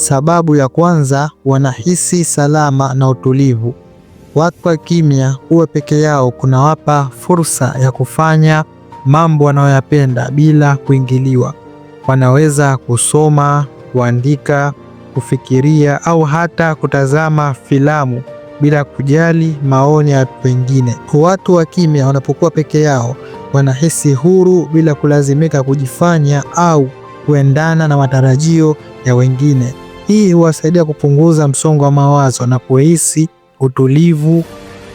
Sababu ya kwanza, wanahisi salama na utulivu. Watu wa kimya huwa peke yao kunawapa fursa ya kufanya mambo wanayoyapenda bila kuingiliwa. Wanaweza kusoma, kuandika, kufikiria au hata kutazama filamu bila kujali maoni ya watu wengine. Watu wa kimya wanapokuwa peke yao wanahisi huru bila kulazimika kujifanya au kuendana na matarajio ya wengine. Hii huwasaidia kupunguza msongo wa mawazo na kuhisi utulivu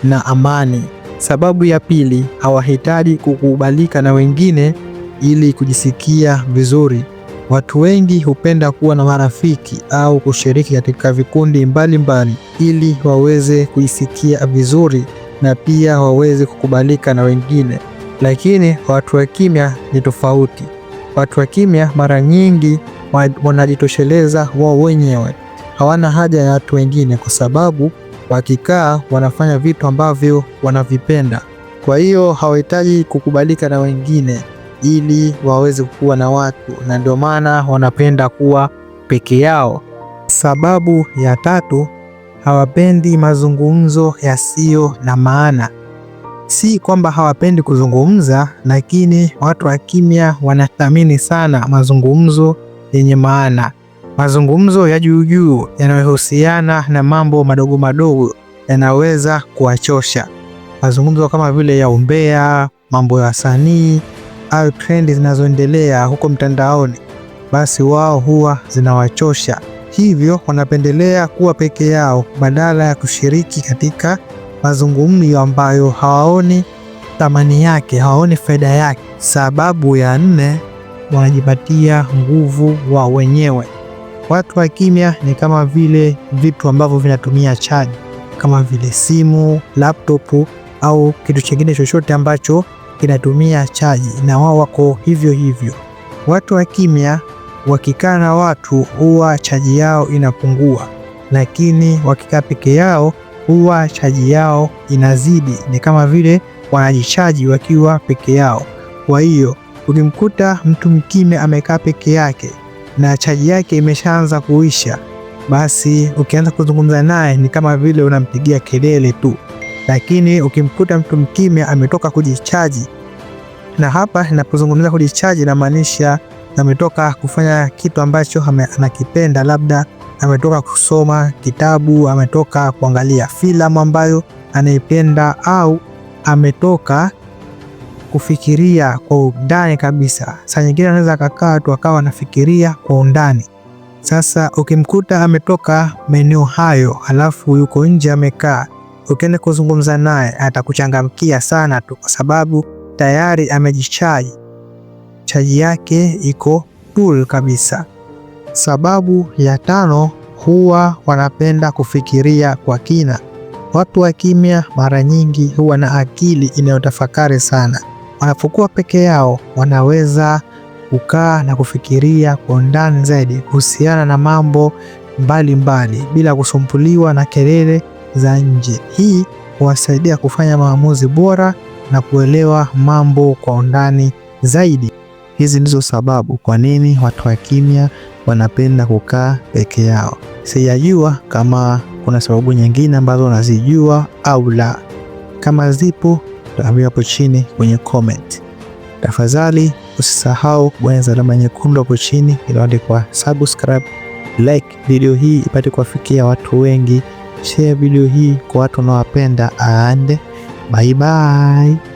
na amani. Sababu ya pili, hawahitaji kukubalika na wengine ili kujisikia vizuri. Watu wengi hupenda kuwa na marafiki au kushiriki katika vikundi mbalimbali mbali, ili waweze kujisikia vizuri na pia waweze kukubalika na wengine. Lakini watu wa kimya ni tofauti. Watu wa kimya mara nyingi wanajitosheleza wao wenyewe, hawana haja ya watu wengine, kwa sababu wakikaa wanafanya vitu ambavyo wanavipenda. Kwa hiyo hawahitaji kukubalika na wengine ili waweze kuwa na watu, na ndio maana wanapenda kuwa peke yao. Sababu ya tatu, hawapendi mazungumzo yasiyo na maana. Si kwamba hawapendi kuzungumza, lakini watu wa kimya wanathamini sana mazungumzo yenye maana, mazungumzo ya juujuu yanayohusiana na mambo madogo madogo yanaweza kuwachosha. Mazungumzo kama vile ya umbea, mambo ya wasanii au trendi zinazoendelea huko mtandaoni, basi wao huwa zinawachosha, hivyo wanapendelea kuwa peke yao badala ya kushiriki katika mazungumzo ambayo hawaoni thamani yake, hawaoni faida yake. Sababu ya nne wanajipatia nguvu wao wenyewe. Watu wa kimya ni kama vile vitu ambavyo vinatumia chaji kama vile simu, laptop au kitu chingine chochote ambacho kinatumia chaji, na wao wako hivyo hivyo. Watu wa kimya wakikaa na watu huwa chaji yao inapungua, lakini wakikaa peke yao huwa chaji yao inazidi. Ni kama vile wanajichaji wakiwa peke yao. Kwa hiyo Ukimkuta mtu mkime amekaa peke yake na chaji yake imeshaanza kuisha, basi ukianza kuzungumza naye ni kama vile unampigia kelele tu. Lakini ukimkuta mtu mkime ametoka kujichaji, na hapa ninapozungumza kujichaji, namaanisha ametoka kufanya kitu ambacho anakipenda, labda ametoka kusoma kitabu, ametoka kuangalia filamu ambayo anaipenda, au ametoka kufikiria kwa undani kabisa. Saa nyingine anaweza akakaa tu akawa anafikiria kwa undani. Sasa ukimkuta ametoka maeneo hayo alafu yuko nje amekaa, ukienda kuzungumza naye atakuchangamkia sana tu, kwa sababu tayari amejichaji, chaji yake iko full kabisa. Sababu ya tano, huwa wanapenda kufikiria kwa kina. Watu wa kimya mara nyingi huwa na akili inayotafakari sana wanapokuwa peke yao wanaweza kukaa na kufikiria kwa undani zaidi kuhusiana na mambo mbalimbali mbali, bila kusumbuliwa na kelele za nje. Hii huwasaidia kufanya maamuzi bora na kuelewa mambo kwa undani zaidi. Hizi ndizo sababu kwa nini watu wa kimya wanapenda kukaa peke yao. Sijajua kama kuna sababu nyingine ambazo unazijua au la. Kama zipo tuambie hapo chini kwenye comment. Tafadhali usisahau kubonyeza alama nyekundu hapo chini iliyoandikwa subscribe, like video hii ipate kuwafikia watu wengi, share video hii kwa watu unaowapenda and bye bye.